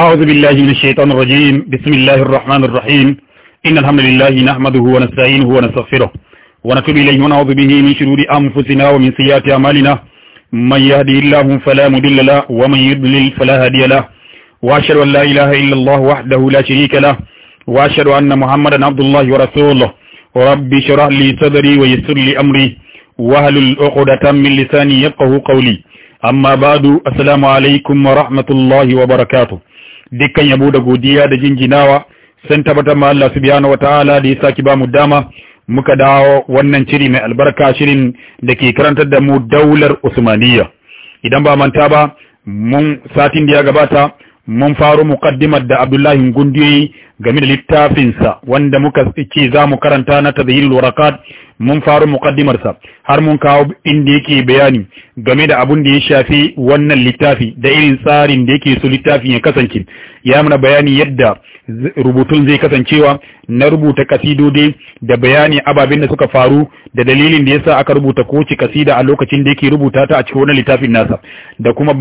أعوذ بالله من الشيطان الرجيم بسم الله الرحمن الرحيم إن الحمد لله نحمده ونستعينه ونستغفره ونتوب إليه ونعوذ به من شرور أنفسنا ومن سيئات أعمالنا من يهدي الله فلا مضل له ومن يضلل فلا هادي له وأشهد أن لا إله إلا الله وحده لا شريك له وأشهد أن محمدا عبد الله ورسوله رب اشرح لي صدري ويسر لي أمري وهل العقدة من لساني يفقه قولي أما بعد السلام عليكم ورحمة الله وبركاته dukkan yabo da godiya da jinjinawa sun tabbatar ma Allah subhanahu wataala da ya saki ba mu dama muka dawo wannan shiri mai albarka shirin da ke karantar da mu daular Usmaniyya idan ba manta ba mun satin da ya gabata mun faro muqaddimar da Abdullahi Gundiyoyi game da littafinsa wanda muka ce za mu karanta na tadhhirul warakat mun faro muqaddimarsa har mun kawo inda yake bayani game da abun da ya shafi wannan littafi da irin tsarin da yake so littafin ya kasance ya mana bayani yadda rubutun zai kasancewa na rubuta kasidodi da bayani ababen da suka faru da dalilin da yasa aka rubuta kowace kasida a lokacin da yake rubuta ta a cikin wannan littafin nasa da kuma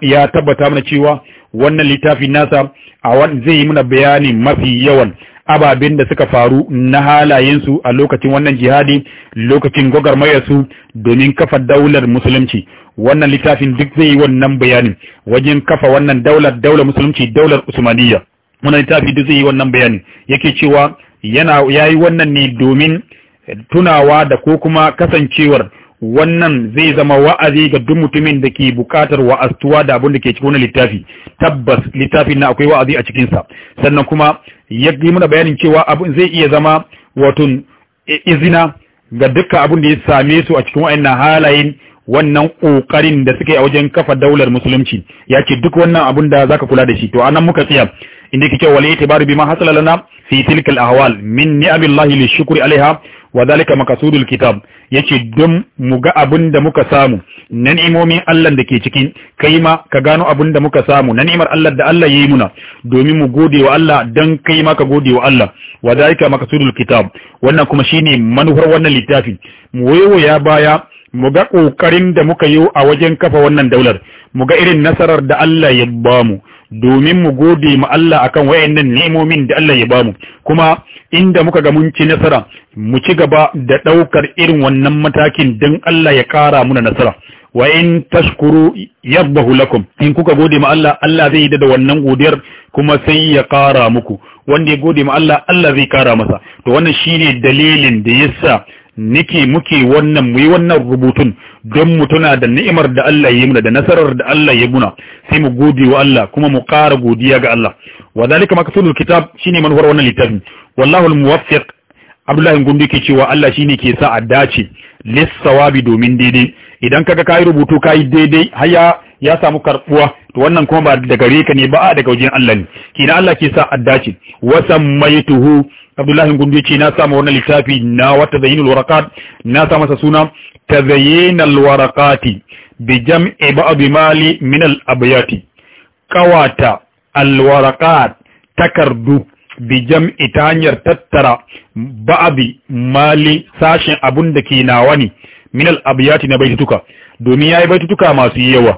ya tabbata mana cewa wannan littafin nasa a zai yi muna bayani mafi yawan ababen da suka faru na halayensu a lokacin wannan jihadi lokacin gwagwarmayarsu domin kafa daular musulunci wannan littafin duk zai yi wannan bayanin wajen kafa wannan daular daular musulunci daular usmaniyya wannan littafi duk zai yi wannan bayanin yake cewa yana yayi wannan ne domin tunawa da ko kuma kasancewar wannan zai zama wa'azi ga duk mutumin da ke bukatar wa'astuwa da abin da ke cikin littafi tabbas littafin na akwai wa'azi a cikinsa sannan kuma ya yi muna bayanin cewa abin zai iya zama watun izina ga dukkan abin da ya same su a cikin wa'annan halayen wannan ƙoƙarin da suke a wajen kafa daular musulunci ya ce duk wannan abin da zaka kula da shi to anan muka tsaya inda kike wal itibaru ma hasala lana fi tilka ahwal min ni'amillahi Shukri alaiha wa zalika maqasudul kitab yace don mu ga abin da muka samu na ni'imomin Allah da ke cikin kai ma ka gano abin da muka samu na ni'imar Allah da Allah yayi muna domin mu gode wa Allah dan kai ma ka gode wa Allah wa zalika maqasudul kitab wannan kuma shine manufar wannan littafi mu wayoya baya mu ga kokarin da muka yi a wajen kafa wannan daular mu ga irin nasarar da Allah ya bamu domin mu gode ma Allah akan wayannan nemomin da Allah ya bamu kuma inda muka ga mun ci nasara mu ci gaba da daukar irin wannan matakin dan Allah ya kara muna nasara wa in tashkuru yaddahu lakum in kuka gode ma Allah Allah zai yi da wannan godiyar kuma sai ya kara muku wanda ya gode ma Allah Allah zai kara masa to wannan shine dalilin da yasa nike muke wannan mu yi wannan rubutun don mu tuna da ni'imar da Allah ya yi muna da nasarar da Allah ya muna sai mu gode wa Allah kuma mu ƙara godiya ga Allah wa zalika maqsudul kitab shine manufar wannan littafin wallahu al Abdullahi Gundu ke cewa Allah shine ke sa a dace lissawabi domin daidai idan kaga kai rubutu kai daidai haya ya samu karbuwa to wannan kuma ba da gare ka ne ba a daga wajen Allah ne kina Allah ke sa addaci wa sammaituhu Abdullahi Gundu yace na samu wannan littafi na wata zayyinul waraqat na sa masa suna tazayyinal waraqati bi jam'i ba'd mali min al abyati qawata al waraqat takardu bi jam'i ta hanyar tattara ba'd mali sashin abun da ke nawa ne min al abyati na baitutuka domin yayi baitutuka masu yawa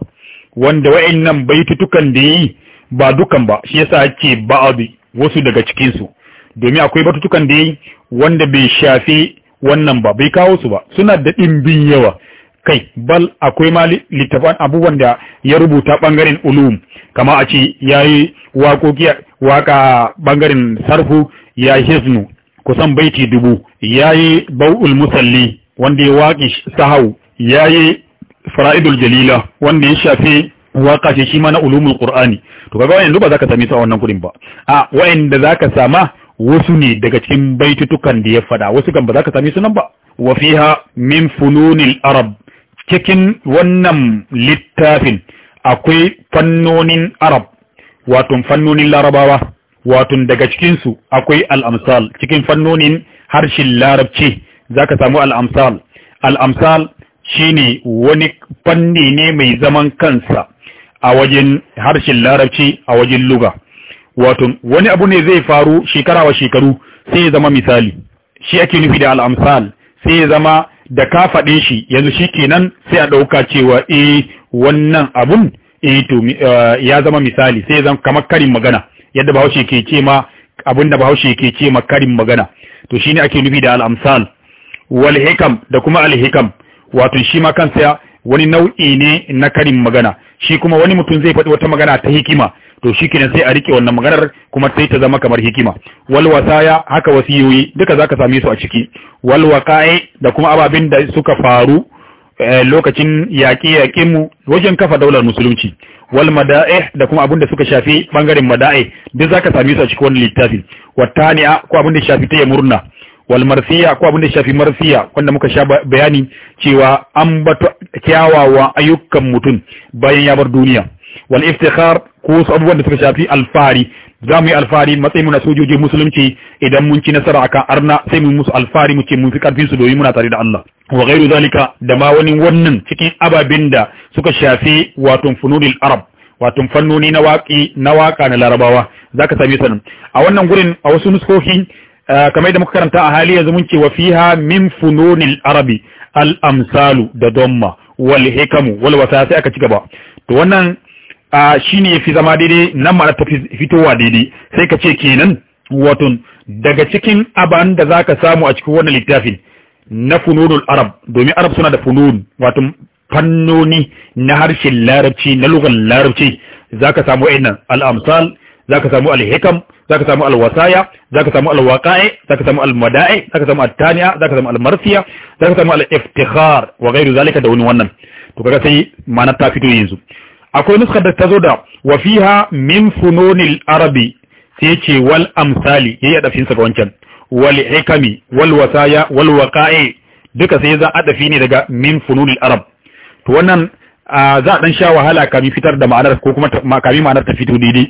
wanda wa'annan baitutukan da yi ba dukan ba shi yasa ake ba'adu wasu daga cikin su domin akwai batutukan da yi wanda bai shafi wannan ba bai kawo su ba suna da dimbin yawa kai bal akwai ma littafan abubuwan da ya rubuta bangaren ulum kamar a ce ya yi waƙoƙi waƙa bangaren sarfu ya hiznu kusan baiti dubu ya yi bau'ul musalli wanda ya waƙi sahau ya yi fara'idul jalila wanda ya shafi waka ce shi ma na ulumul qur'ani to kaga wayan ba zaka sami su a wannan gurin ba a wayan da zaka sama wasu ne daga cikin baitutukan da ya fada wasu kan ba zaka sami su nan ba wa fiha min fununil arab cikin wannan littafin akwai fannonin arab wato fannonin larabawa wato daga cikinsu akwai al'amsal cikin fannonin harshen larabci za ka samu al al'amsal shine wani fanni ne mai zaman kansa a wajen harshen larabci a wajen luga wato wani abu ne zai faru shekara wa shekaru sai ya zama misali shi ake nufi da al'amsal sai ya zama da ka faɗe shi yanzu shi kenan sai a ɗauka cewa eh wannan abun eh to eh, ya zama misali sai ya zama kamar karin magana yadda bahaushe ke ce ma abinda bahaushe ke ce ma karin magana to shine ake nufi da al'amsal wal hikam da kuma al hikam wato shi ma kansa wani nau'i ne na karin magana shi kuma wani mutum zai faɗi wata magana ta hikima to shi kenan sai a rike wannan maganar kuma sai ta zama kamar hikima wal wasaya haka wasiyoyi duka zaka same su a ciki wal waqa'i da kuma ababin da suka faru eh, lokacin yaƙe mu wajen kafa daular musulunci wal mada'i da kuma abin da suka shafi bangaren mada'i duk zaka same su a cikin wannan littafin watani'a ko abin da shafi ta murna walmarsiya ko abin da shafi marsiya wanda muka sha bayani cewa an bato kyawawa ayyukan mutum bayan ya bar duniya wal iftikhar ko wasu abubuwan da suka shafi alfari za mu yi alfari matsayin muna sojoji musulunci idan mun ci nasara akan arna sai mu musu alfari mu ce mun fi karfin su domin muna tare da Allah wa ghairu zalika da ma wani wannan cikin ababin da suka shafi wato funudil arab wato fannoni na waƙi na waƙa na larabawa zaka same su a wannan gurin a wasu nuskohi kamar da muka karanta a hali yanzu mun ce wa fiha min fununil arabi al amsalu da domma wal hikamu wal wasa sai aka ci gaba to wannan shine yafi zama daidai nan ma ta fitowa daidai sai ka ce kenan watun daga cikin aban da zaka samu a cikin wannan littafin na fununul arab domin arab suna da funun wato fannoni na harshen larabci na lugan larabci zaka samu wa'annan al amsal zaka samu al hikam Za ka samu alwasaya ka samu za ka samu za ka samu za ka samu almarsiya ka samu al-iftikhar wa ghairu zalika da wani wannan to kaga sai ma'anar ta fito yanzu akwai nuskar da ta zo da wa fiha min fununil arabi sai ce wal amsali yayi adafin sa ga wancan wal hikami wal wasaya wal waqa'i duka sai za adafi ne daga min fununil arab to wannan za a dan sha wahala kami fitar da ma'anar ko kuma kami ma'anar ta fito daidai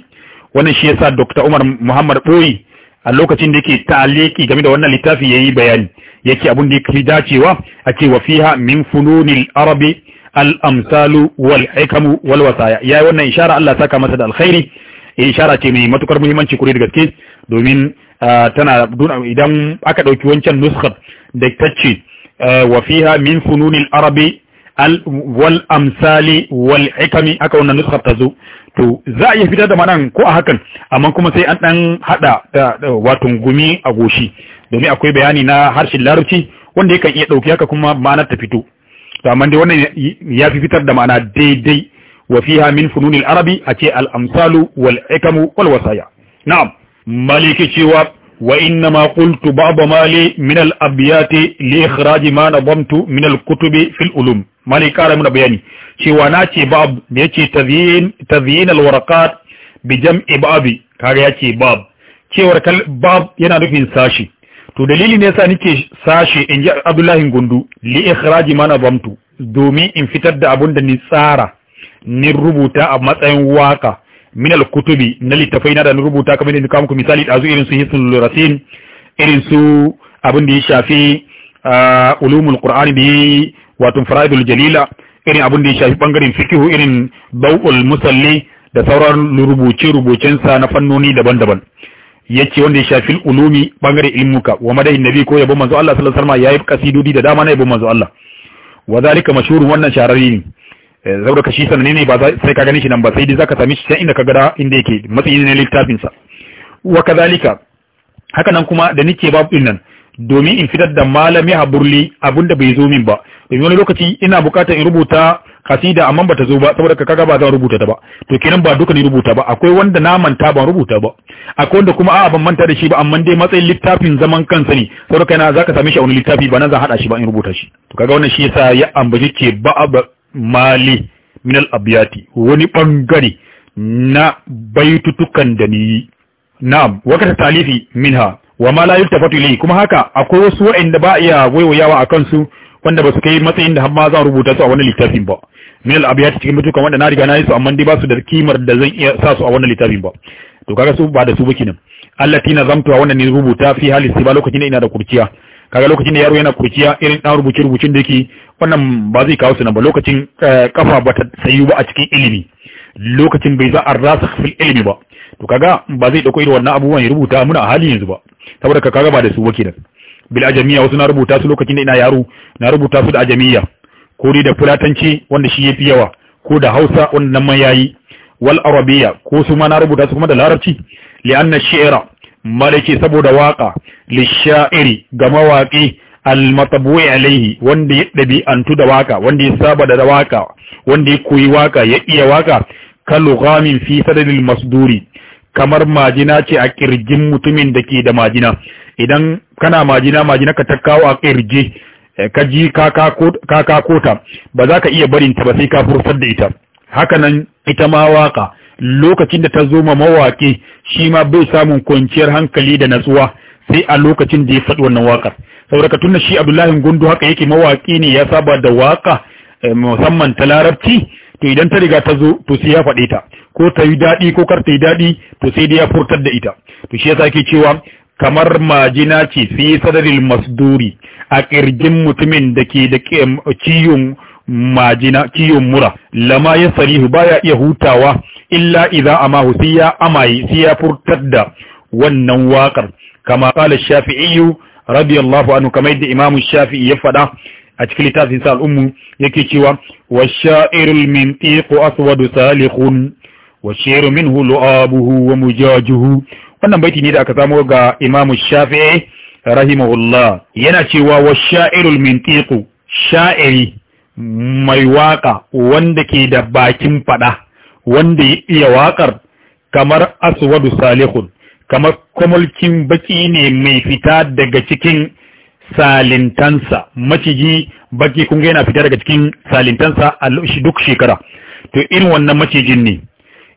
wannan shi yasa Dr. Umar Muhammad Boyi a lokacin da yake ta'aliki game da wannan littafi yayi bayani yake abun da yake dacewa a ce wa fiha min fununil arabi al amsalu wal hikamu wal wasaya yayi wannan ishara Allah saka masa da alkhairi eh, ishara ce mai matukar muhimmanci kure da gaske domin tana idan aka dauki wancan nuskar da tace wa fiha min fununil arabi wal amsali wal hikami aka wannan nuskar ta zo to za a iya fitar da manan ko a hakan amma kuma sai an dan hada da wato gumi a goshi domin akwai bayani na harshen larabci wanda yakan iya dauki haka kuma ma'anar ta fito to amma dai wannan ya fi fitar da ma'ana daidai wa fiha min fununil arabi a ce al amsalu wal ikamu wal wasaya na'am maliki cewa وإنما قلت بعض مالي من الأبيات لإخراج ما نظمت من الكتب في العلوم مالي كار من بياني شواناتي باب يتي تذيين تذيين الورقات بجمع بابي كار يتي باب cewar bab yana nufin sashi to dalili ne yasa nake sashe in ji Abdullahi Gundu li ikhraji ma bamtu domin in fitar da abun da ni tsara ni rubuta a matsayin waka min al na littafai na da na rubuta kamar da kawo muku misali ɗazu irin su hisul rasin irin su abin da ya shafi ah, ulumul qur'ani da wato faradul jalila irin abin da ya shafi bangaren fikihu irin dawul musalli da sauran rubuce rubucensa na fannoni daban-daban yace wanda ya shafi ulumi bangare ilmuka wa madai nabi ko yabo manzo Allah sallallahu alaihi wasallam yayi kasidodi da dama na yabo manzo Allah wa zalika mashhurun wannan shahararri ne Eh, saboda ka shi sanane ne ba sai ka gane shi nan ba sai dai zaka same shi sai inda ka gada inda yake matsayin ne littafin sa wa kadalika haka nan kuma da nake babu din nan domin in fitar da malami haburli abinda bai zo min ba domin wani lokaci ina bukatar in rubuta kasida amma bata zo ba saboda kaga ba zan rubuta ta ba to kenan ba duka ne rubuta ba akwai wanda na manta ban rubuta ba akwai wanda kuma a'a ban manta da shi ba amma dai matsayin littafin zaman kansa ne saboda kana zaka same shi a wani littafi ba nan zan hada shi ba in rubuta shi to kaga wannan shi yasa ya ambaci ke ba mali min al-abyati wani bangare na baitutukan da ni na'am kata talifi minha wa ma la yultafatu ilayhi kuma haka akwai wasu wa'anda ba iya waiwayawa akan su wanda ba su kai matsayin da hamma za rubuta su a wannan littafin ba min al-abiyat cikin mutukan wanda na riga na yi su amma dai ba su da kimar da zan iya sa su a wannan littafin ba to kaga su ba da su ba kinan allati nazamtu wannan ne rubuta fi halis ba lokacin da ina da kurciya kaga lokacin da yaro yana kurciya irin dan rubuce rubucin da yake wannan ba zai kawo sunan ba lokacin kafa eh, ba ta sayu ba a cikin ilimi lokacin bai za a rasa fil ilimi ba to kaga ba zai dauko irin wannan abubuwan ya rubuta muna a halin yanzu ba saboda ka kaga ba da su ba kenan bil ajamiya wasu na rubuta su lokacin da ina yaro na rubuta su da ajamiya ko dai da fulatanci wanda shi yafi yawa ko da hausa wanda nan man yayi wal arabiya ko su ma na rubuta su kuma da larabci li'anna shi'ra malaki saboda waka lishairi ga mawaki almatabui alaihi wanda ya ɗabi'antu da waka wanda ya saba da waka wanda ya koyi waka ya iya waka kalughamin fi sadadil masduri kamar majina ce a kirjin mutumin da ke da majina idan kana majina majina ka ta kawo a kirji eh, ka ji ka kota ba za ka iya barinta ba sai ka fursar da ita hakanan ita ma waka lokacin da ta zo ma mawaƙi shi ma bai samun kwanciyar hankali da natsuwa sai a lokacin da ya faɗi wannan waƙar saboda tunna shi abdullahi gundu haka yake mawaƙi ne ya saba da waƙa eh, musamman ta larabci to idan ta riga ta zo to sai ya faɗe ta ko ta yi daɗi ko kar ta yi daɗi to sai dai ya furtar da ita to shi yasa ke cewa kamar majina ce fi sadaril masduri a ƙirgin mutumin da ke da ciyon majina ciyon mura lama ya sarihu baya iya hutawa illa idza amahu sai amai siya furtadda furtar da wannan waƙar kama qala shafi'i radiyallahu anhu kama da imam shafi'i ya faɗa a cikin littafin sa al'ummu yake cewa wa sha'irul mintiqu aswadu salikhun wa shiru minhu lu'abuhu wa mujajuhu wannan baiti ne da aka samo ga imam shafi'i rahimahullah yana cewa wa sha'irul mintiqu sha'iri mai waka wanda ke da bakin fada wanda ya iya waƙar kamar aswadu salihun kamar kwamulkin baki ne mai fita daga cikin salintansa maciji baki kun yana fita daga cikin salintansa a duk shekara to in wannan macijin ne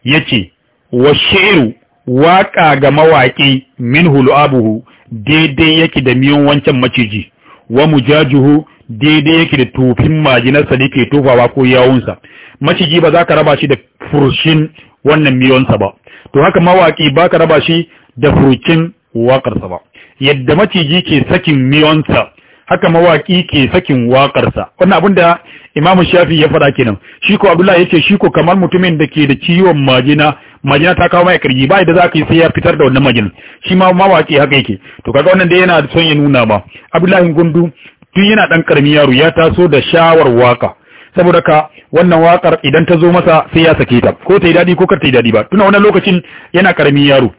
ya ce wa shi'ru waƙa ga mawaƙi min hulu abuhu daidai yake da miyan wancan maciji wa mujajuhu daidai yake da tufin majinarsa da yake tofawa ko yawunsa maciji ba za ka raba shi da furshin wannan miyonsa ba to haka mawaƙi ba ka raba shi da furcin waƙarsa ba yadda maciji ke sakin miyonsa haka mawaƙi ke sakin waƙarsa wannan abin da imam shafi ya faɗa kenan shi ko abdullahi yace shi ko kamar mutumin da ke da ciwon majina majina ta kawo mai kirji ba da za ka yi sai ya fitar da wannan majina shi ma mawaƙi haka yake to kaga wannan da yana son ya nuna ba abdullahi gundu tun yana dan karmi yaro ya taso da shawar waka saboda ka wannan wakar idan ta zo masa sai ya sake ta ko ta yi daɗi ko kar ta yi daɗi ba tuna wannan lokacin yana karmi yaro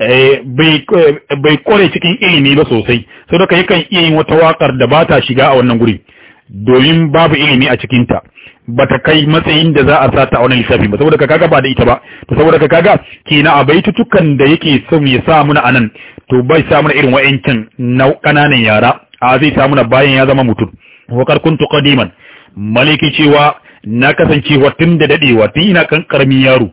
eh, bai kware eh, cikin ilimi ba sosai sau da yakan iya yin wata wakar da ba ta shiga a wannan guri domin babu ilimi a cikinta ba ta kai matsayin da za a sa ta a wani lissafi ba saboda ka kaga ba da ita ba to saboda ka kaga kina a baitutukan da yake son ya sa muna anan to bai sa muna irin wa'ancan na kananan yara a zai ta bayan ya zama mutum wakar kuntu kadiman maliki cewa na kasancewa tun da dadewa tun ina kan karamin yaro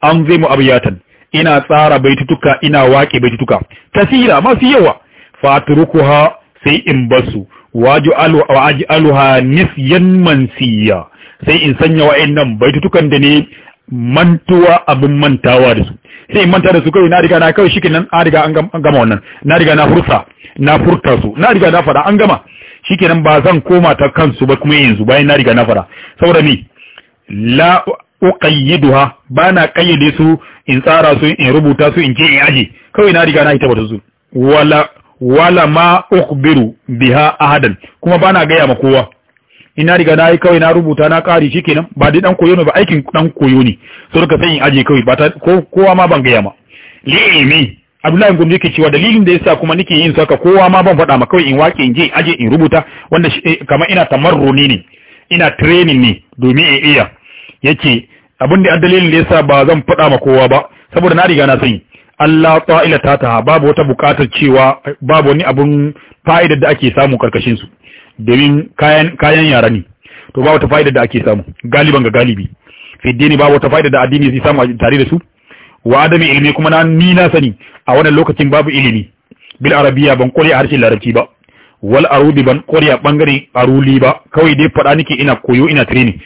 an zai mu abiyatan ina tsara baitutuka ina wake baitutuka tasira masu yawa fatrukuha sai in basu waj'alu waj'aluha nisyan mansiya sai in sanya wa'annan baitutukan da ne mantuwa abin mantawa da su sai in manta da su kai na riga na kai shikenan an riga an gama wannan na riga na hursa na furta su na riga na fara an gama shikenan ba zan koma ta kansu ba kuma yanzu bayan na riga na fara saboda ni la uqayyiduha bana kayyade su in tsara su in rubuta su in je in aje kawai na riga na ita wata su wala wala ma ukhbiru biha ahadan kuma bana gaya ma kowa ina riga na yi kawai na rubuta na kare. shi kenan ba dai dan koyo ne ba aikin dan koyo ne so duka sai in aje kawai ba ta kowa ma ban gaya ma li'imi Abdullahi Gombe yake cewa dalilin da yasa kuma nake yin saka kowa ma ban faɗa ma kawai in wake in je aje in rubuta wanda eh, kamar ina tamarruni ne ina training ne domin in iya yake abin da dalilin da yasa ba zan faɗa ma kowa ba saboda na riga na sani Allah ta'ala ta babu wata bukatar cewa babu wani abun fa'idar da ake samu karkashin su domin kayan kayan yara ne to ba wata fa'idar da ake samu galiban ga galibi fi dini ba wata fa'idar da addini zai samu tare da su wa adami ilimi kuma na ni na sani a wannan lokacin babu ilimi bil arabiya ban kore a harshen larabci ba wal arudi ban kore a bangare aruli ba kawai dai faɗa nake ina koyo ina training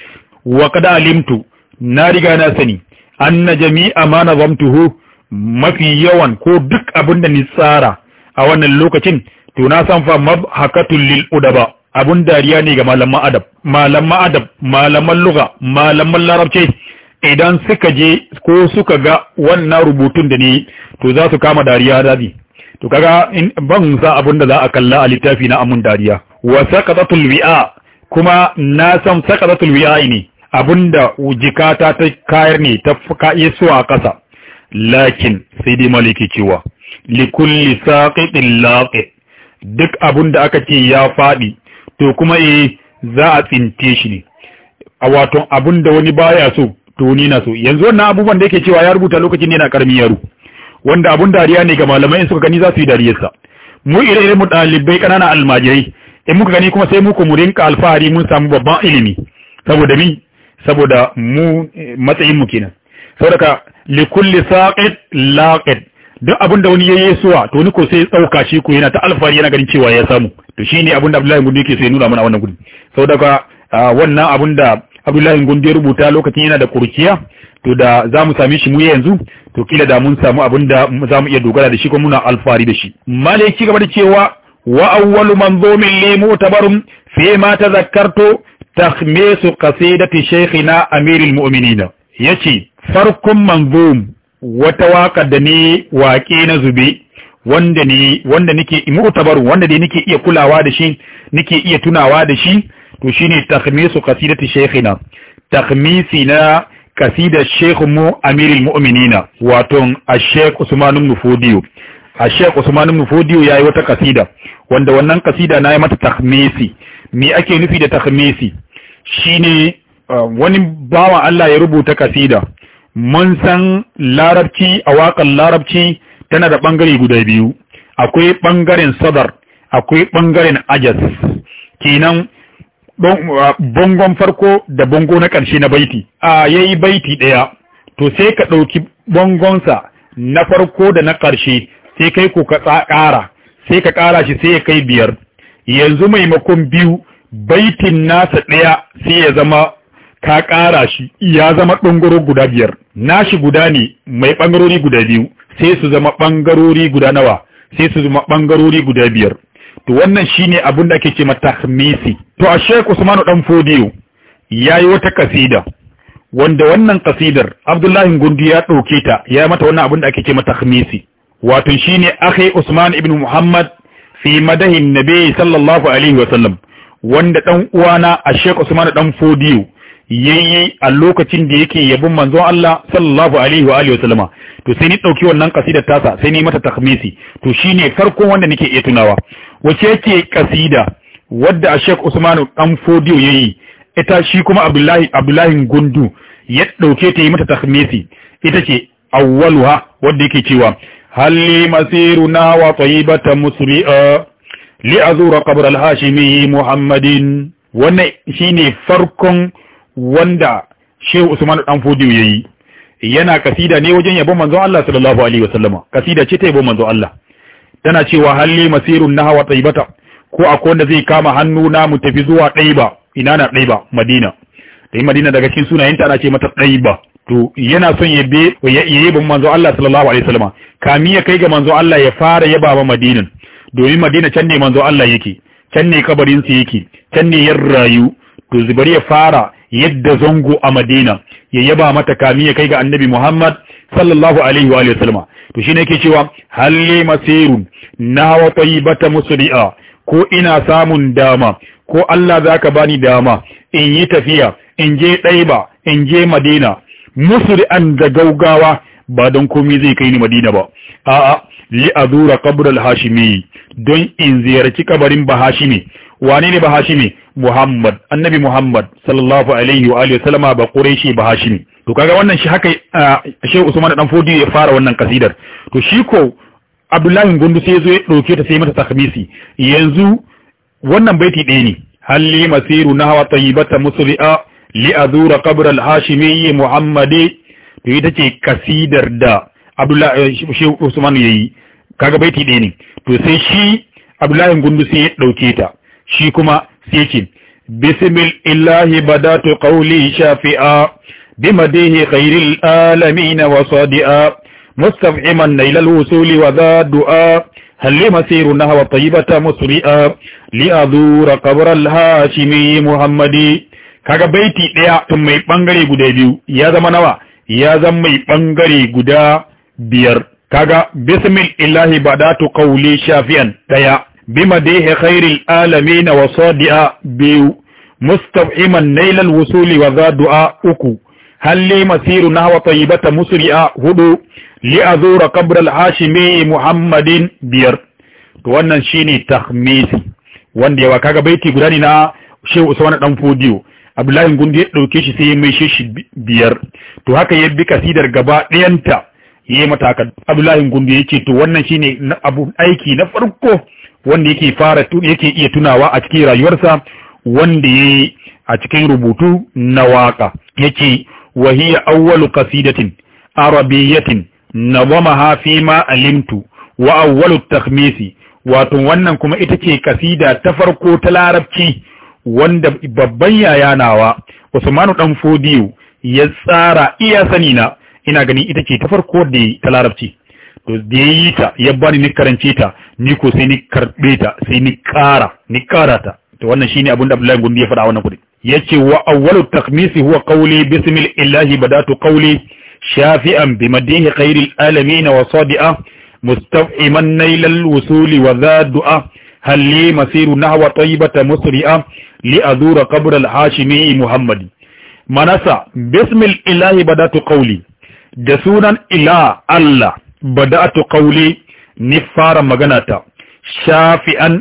wa kada alimtu na riga na sani anna jami'a ma nazamtuhu mafi yawan ko duk abin da ni tsara a wannan lokacin to na san fa mabhakatul lil udaba abun dariya ne ga malaman adab malaman adab malaman luga malaman larabci idan suka je ko suka ga wannan rubutun da ne to za su kama dariya dadi to kaga in ban sa abin za a kalla a littafi na amun dariya wa saqatatul wi'a kuma na san saqatatul wi'a ne abinda jikata ta kayar ne ta fuka yesu a kasa lakin sai dai maliki cewa likulli saqitin laqi duk abinda aka ce ya fadi to kuma eh za a tsinte shi ne a wato abinda wani baya so to ni na so yanzu wannan abubuwan da yake cewa ya rubuta lokacin yana karmi yaro wanda abun dariya ne ga malamai in suka gani za su yi dariyarsa mu ire ire mu dalibai kanana almajirai in muka gani kuma sai muku mu rinka alfahari mun samu babban ilimi saboda mi saboda mu eh, matsayin mu kenan saboda li kulli saqit laqit duk abun da wani ya yi suwa to ni ko sai tsauka shi ku yana ta alfahari yana ganin cewa ya samu to shine abun da Abdullahi Gudu yake sai nuna mana wannan gudu saboda ah, wannan abun da abdullahi gondi ya rubuta lokacin yana da kurciya to da za mu same shi mu yanzu to kila da mun samu abin da za mu iya dogara da shi ko muna alfari da shi malai ci gaba da cewa wa awwalu manzumin li mu'tabarum fi ma tazakkartu takhmisu qasidati shaykhina amirul mu'minin yace farkon manzum wata waka da ne waƙe na zube wanda ne wanda nake imutabaru wanda dai nake iya kulawa da shi nake iya tunawa da shi to shine takhmisu qasidati shaykhina takhmisi na kasida shaykh mu amirin mu'minina wato ash-shaykh Usman mufudiyu a ash-shaykh Usman ibn yayi wata kasida wanda wannan kasida nayi mata takhmisi me ake nufi da takhmisi shine ah, wani bawa Allah ya rubuta kasida mun san larabci a waƙan larabci tana da ɓangare guda biyu akwai ɓangaren sadar akwai ɓangaren ajas kenan Uh, bangon farko da bango na ƙarshe na baiti a yayi baiti ɗaya to sai ka ɗauki bangonsa na farko da na ƙarshe sai kai ko ka ƙara sai ka ƙara shi sai ya kai biyar yanzu maimakon biyu baitin nasa ɗaya sai ya zama ka ƙara shi ya zama ɓangaro guda biyar nashi guda ne mai ɓangarori guda biyu sai su zama ɓangarori guda nawa sai su zama ɓangarori guda biyar to wannan shine abin da ake ce matahmisi to a Sheikh Usman dan Fodiyo yayi wata kasida wanda wannan kasidar Abdullahi Gundi ya ɗauke ta ya mata wannan abin da ake ce matahmisi wato shine ahe Usman ibn Muhammad fi madahin nabi sallallahu alaihi wasallam wanda dan uwana a Sheikh Usman dan Fodiyo yayi a lokacin da yake yabin manzon Allah sallallahu alaihi wa alihi to sai ni dauki wannan kasidar tasa sai ni mata takmisi. to shine farko wanda nake iya tunawa wace ce kasida wadda a Sheikh Usmanu dan Fodiyo yayi ita shi kuma Abdullahi Abdullahi Gundu ya dauke ta yi mata tahmisi ita ce awwaluha wadda yake cewa halli masiruna wa tayyibata musli'a li azura qabr al-hashimi Muhammadin wannan shine farkon wanda Sheikh Usmanu dan Fodiyo yayi yana kasida ne wajen yabon manzon Allah sallallahu alaihi wasallama kasida ce ta yabon manzon Allah tana cewa halli masirun nahwa taibata ko akwai wanda zai kama hannu na mu tafi zuwa ɗaiba ina na ɗaiba madina da madina daga cikin sunayenta ana ce mata ɗaiba to yana son ya be ya manzo Allah sallallahu alaihi wasallam kami ya kai ga manzo Allah ya fara yaba ma madinan domin madina can ne manzo Allah yake can ne kabarin sa yake can ne yar rayu to zubari ya fara yadda zango a madina ya yaba mata kami ya kai ga annabi Muhammad sallallahu alaihi wa sallama to shine yake cewa halli masirun nawa tayyibata musri'a ko ina samun dama ko Allah zaka bani dama in yi tafiya in je ɗaiba in je madina musri'an da gaugawa ba don komai zai kai ni madina ba a'a li azura qabr al-hashimi don in ziyarci kabarin bahashimi wane ne bahashimi muhammad annabi muhammad sallallahu alaihi wa alihi ba quraishi bahashimi to kaga wannan shi haka Shehu Usman dan Fodi ya fara wannan kasidar to shi ko Abdullahi Gundu sai zo ya dauke ta sai mata takhmisi yanzu wannan baiti ɗaya ne halli masiru hawa tayyibata musli'a li azura qabr al-hashimi muhammadi to ita ce kasidar da Abdullahi eh, Shehu Usman yayi kaga baiti ɗaya ne to sai shi Abdullahi Gundu sai ya dauke ta shi kuma sai ce bismil illahi badatu qawli shafi'a بمديه خير الآلمين وصادئا مستفعما نيل الوصول وذا الدعاء هل مسير نهوى الطيبة مسرئا لأذور قبر الهاشمي محمد kaga بيتي daya tun mai bangare بيو يا زمانوا يا nawa ya zama بير bangare بسم الله بعدات قولي شافيا badatu بمديه خير العالمين وصادئا بيو مستوعما نيل الوصول وذا دعاء أكو halli masiru nahwa tayyibata musri'a hudu li azura qabr al-hashimi muhammadin biyar to wannan shine tahmisi wanda yawa kaga baiti guda ne na Shehu Usman dan Fodiyo Abdullahi Gundu ya dauke shi sai ya mai shi biyar to haka ya bi kasidar gaba ɗayanta yayi mata haka Abdullahi ya ce to wannan shine abu aiki na farko wanda yake fara yake iya tunawa a cikin rayuwarsa wanda ya yayi a cikin rubutu na waka yake wa hiya awwalu qasidatin arabiyyatin nazamaha fi ma wa awwalu takhmisi wato wannan kuma ita ce kasida ta farko ta larabci wanda babban yaya nawa Usmanu dan Fodiyo ya tsara iya sani na ina gani ita ce ta farko da ta larabci to da yi ta ya bani ni karance ta ni ko sai ni karbe ta sai ni kara ni kara to wannan shine abin da Abdullahi Gombe ya faɗa wannan kudi yace wa awwalu takmisi huwa qawli bismil illahi badatu qawli shafi'an bi madihi khairil alamin wa sadi'a mustaw'iman nailal wusul wa zadu'a hal li masiru nahwa tayyibata musri'a li azura qabr al hashimi muhammad manasa bismil illahi badatu qawli da sunan ila allah badatu qawli ni fara magana ta shafi'an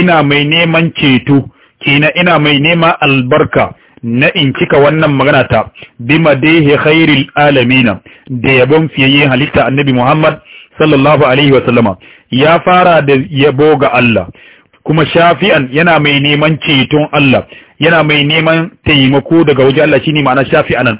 ina mai neman ceto kina ina mai nema albarka na in cika wannan magana ta bima dehe khairil alamina da yabon fiyeye halitta annabi Muhammad sallallahu alaihi wa sallama ya fara da yabo ga Allah kuma shafi'an yana mai neman ceton Allah yana mai neman taimako daga wajen Allah shine ma'ana shafi'an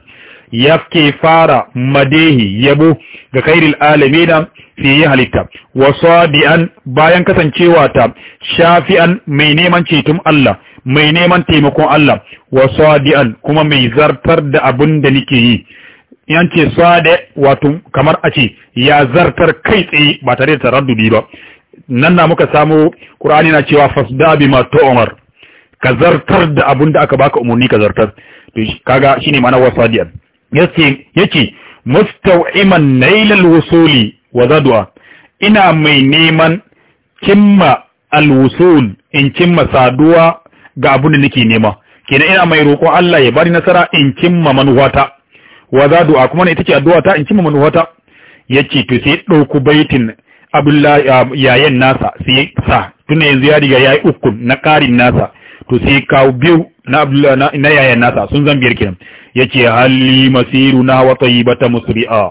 yake fara madehi yabo ga khairil alamina fiye halitta wa sadian bayan kasancewa ta shafi'an mai neman ceton Allah mai neman taimakon Allah wa sadian kuma mai zartar da abin da nake yi yance sade wato kamar a ce ya zartar kai tsaye ba tare da taraddudi ba nan na muka samu Qur'ani na cewa fasda bima tu'mar ka zartar da abin da aka baka umarni ka zartar to kaga shine ma'anar wasadiyan yake mustaw'iman nailal wusuli wa zadwa ina mai neman cimma alwusul in cimma saduwa ga abin da nake nema kenan ina mai roƙon Allah ya bani nasara in cimma manuwata wa zadwa kuma ne ita addu'a ta in cimma manuwata yace to sai dauku baitin Abdullahi yayin nasa sai sa tun yanzu ya riga yayi uku na karin nasa to sai kawo biyu na Abdullahi na yayin nasa sun zan biyar kenan yace halli masiruna wa tayyibata musri'a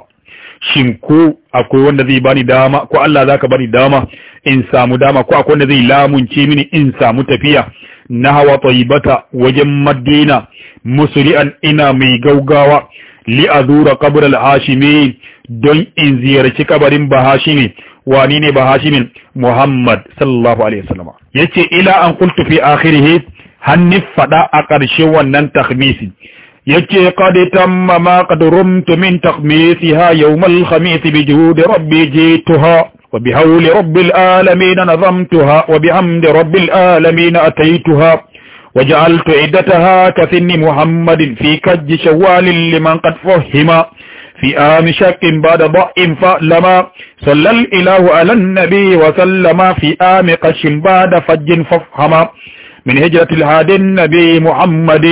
shin ko akwai wanda zai bani dama ko Allah zaka bani dama in samu dama ko akwai wanda zai lamunce mini in samu tafiya na hawa tayyibata wajen madina musri'an ina mai gaugawa li azura qabr al-hashimi don in ziyarci kabarin bahashimi wani ne bahashimin muhammad sallallahu alaihi wasallam yace ila an qultu fi akhirih hanni fada a ƙarshen wannan takhmisi يجي قد تم ما قد رمت من تخميسها يوم الخميس بجود ربي جيتها وبهول رب العالمين نظمتها وبعمد رب العالمين أتيتها وجعلت عدتها كسن محمد في كج شوال لمن قد فهم في آم شك بعد ضع فألما صلى الإله على النبي وسلم في آم قش بعد فج فافهم من هجرة الهادي النبي محمد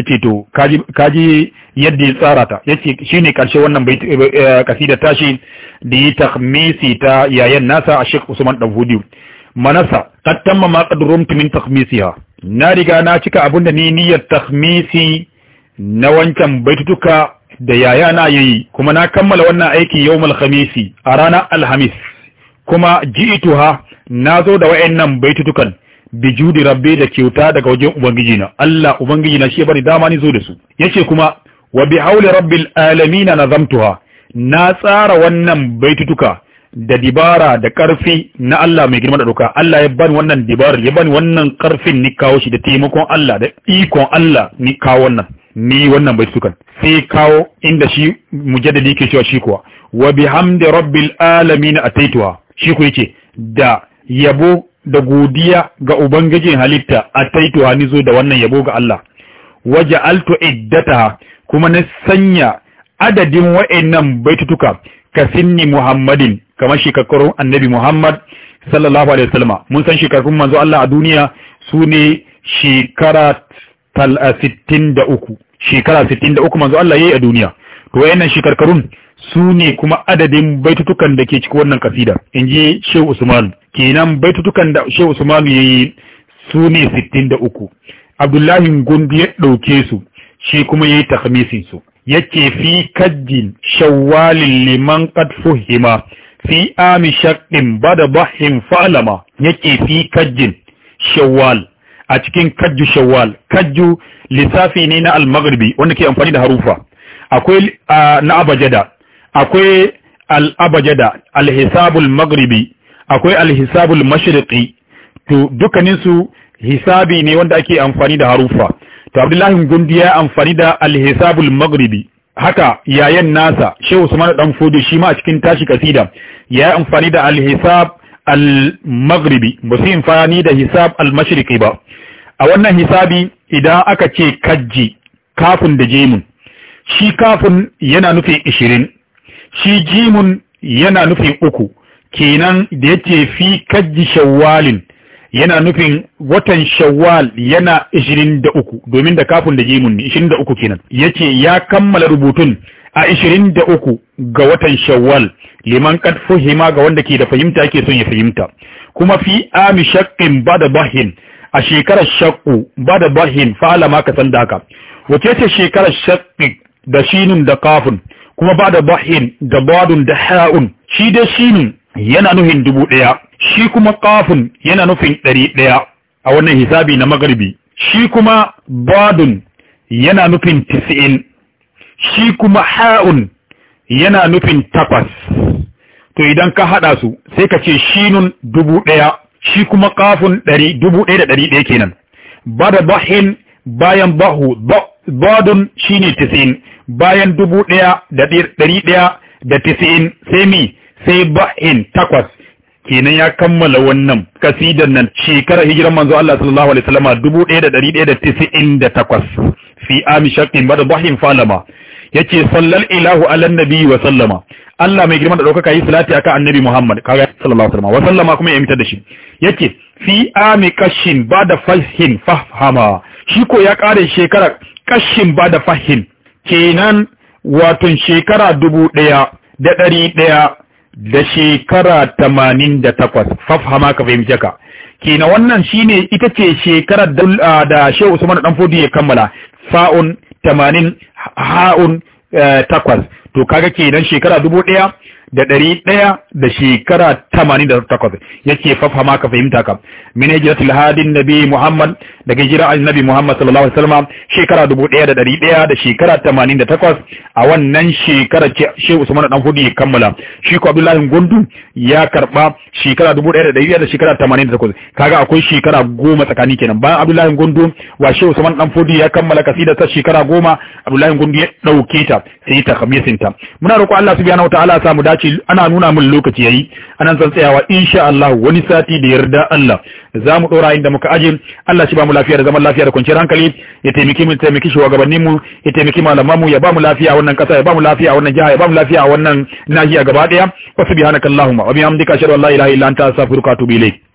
ce to kaji yadda ya tsara ta shi shine karshe wannan bai eh, eh, kasida tashi da yi takhmisi ta yayan nasa a shek Usman hudu. manasa qad tamma ma qad rumtu na riga na cika abin da ni niyyar takhmisi na wancan baitutuka da yaya na yi kuma na kammala wannan aiki yau malhamisi a ranar alhamis kuma ji ji'ituha na zo da wayannan baitutukan bi judi rabbi da kyauta daga wajen ubangiji na Allah ubangiji na shi ya bari dama ni zo da su yace kuma wa bi hawli rabbil alamin nazamtuha na tsara wannan baitutuka da dibara da karfi na Allah mai girma da doka Allah ya bani wannan dibar ya bani wannan karfin ni kawo shi da taimakon Allah da ikon Allah ni kawo wannan ni wannan baitutukan sai kawo inda shi mujaddadi yake cewa shi kuwa wa bihamdi rabbil alamin ataituha shi ku yake da yabo da godiya ga ubangijin halitta ataitu hani nizo da wannan yabo ga Allah waje alto iddata kuma na sanya adadin wa'annan baitutuka ka sinni muhammadin kamar shekarun annabi muhammad sallallahu alaihi wasallam mun san shekarun manzo Allah a duniya su ne shekara 63 eh, shekara 63 manzo Allah yi a duniya to wayannan shekarun su ne kuma adadin baitutukan da ke cikin wannan kasida in ji shehu usman kenan baitutukan da shehu usman ya yi su ne sittin da uku abdullahi gundu ya ɗauke su shi kuma ya yi takamisin su yake fi kajjin shawalin liman qad hima fi ami ba bada bahin falama yake fi kajjin shawal a cikin kajju shawal. kajju lissafi ne na almagribi wanda ke amfani da harufa akwai na abajada akwai al-abajada al akwai al-hisabul to dukkanin hisabi ne wanda ake amfani da harufa to abdullahi gundi ya amfani da al magribi haka yayan nasa shehu usman dan fodo shi ma a cikin tashi kasida ya yi amfani da al-hisab al-maghribi ba su amfani da hisab al-mashriqi ba a wannan hisabi idan aka ce kajji kafin da jemun shi kafin yana nufin ishirin shi jimun yana nufin uku kenan da yace fi kajji shawalin, yana nufin watan shawal yana 23 domin da kafin da jimun ne 23 kenan yace ya kammala rubutun a 23 ga watan shawal, liman kad fuhima ga wanda ke da fahimta yake son ya fahimta kuma fi ami shaqqin bada bahin a shekarar shaqqu bada bahin fa alama ka san da haka wace ce shekarar shaqqi da shinin da kafin kuma ba da bahin da badun da ha'un shi da shinin yana nufin dubu ɗaya shi kuma kafin yana nufin ɗari ɗaya a wannan hisabi na magarbi shi kuma badun yana nufin tisi'in shi kuma ha'un yana nufin takwas to idan ka haɗa su sai ka ce shinun dubu ɗaya shi kuma kafin ɗari dubu ɗaya da ɗari ɗaya kenan ba da bahin bayan bahu badun shine tis'in bayan dubu ɗaya da ɗari ɗaya da tisi'in sai mi sai ba'in takwas kenan ya kammala wannan kasidan nan shekarar hijiran manzo Allah sallallahu alaihi wasallam dubu ɗaya da ɗari ɗaya da tisi'in da takwas fi ami shakin bada bahin falama yace sallal ilahu ala nabi wa sallama Allah mai girman da ɗaukaka yi salati akan annabi Muhammad kaga sallallahu alaihi wasallam wa sallama kuma ya imita da shi yace fi ami kashin bada fahim fahama shi ko ya kare shekara kashin bada fahim. kenan watan shekara dubu ɗaya da ɗari ɗaya da shekara tamanin da takwas fafhama ka fahimce ka kenan wannan shine ita ce shekara da shehu usman dan fodi ya kammala fa'un tamanin ha'un eh, takwas to kaga kenan shekara dubu ɗaya da ɗari ɗaya da shekara tamanin da takwas ya ce fafama ka fahimta ka mine jiratul hadin nabi muhammad da daga jira Nabi muhammad sallallahu alaihi wasallam shekara dubu ɗaya da ɗari ɗaya da shekara tamanin da takwas a wannan shekara ce usman dan hudu ya kammala shi ko abdullahi gundu ya karba shekara dubu ɗaya da ɗari ɗaya da shekara tamanin da takwas kaga akwai shekara goma tsakani kenan bayan abdullahi gundu wa shi usman dan hudu ya kammala kasida ta shekara goma abdullahi gundu ya ɗauke ta sai ta kamisinta muna roƙo Allah subhanahu wa ta'ala ya samu dace ce ana nuna min lokaci yayi anan zan tsayawa insha Allah wani sati da yarda Allah za mu dora inda muka aje Allah shi ba mu lafiya da zaman lafiya da kwanciyar hankali ya taimaki mu taimaki shugabannin mu ya taimaki malaman mu ya ba mu lafiya a wannan kasa ya ba mu lafiya a wannan jiha ya ba mu lafiya a wannan nahiya gaba daya wa subhanakallahumma wa bihamdika ashhadu an la ilaha illa anta astaghfiruka wa atubu ilayk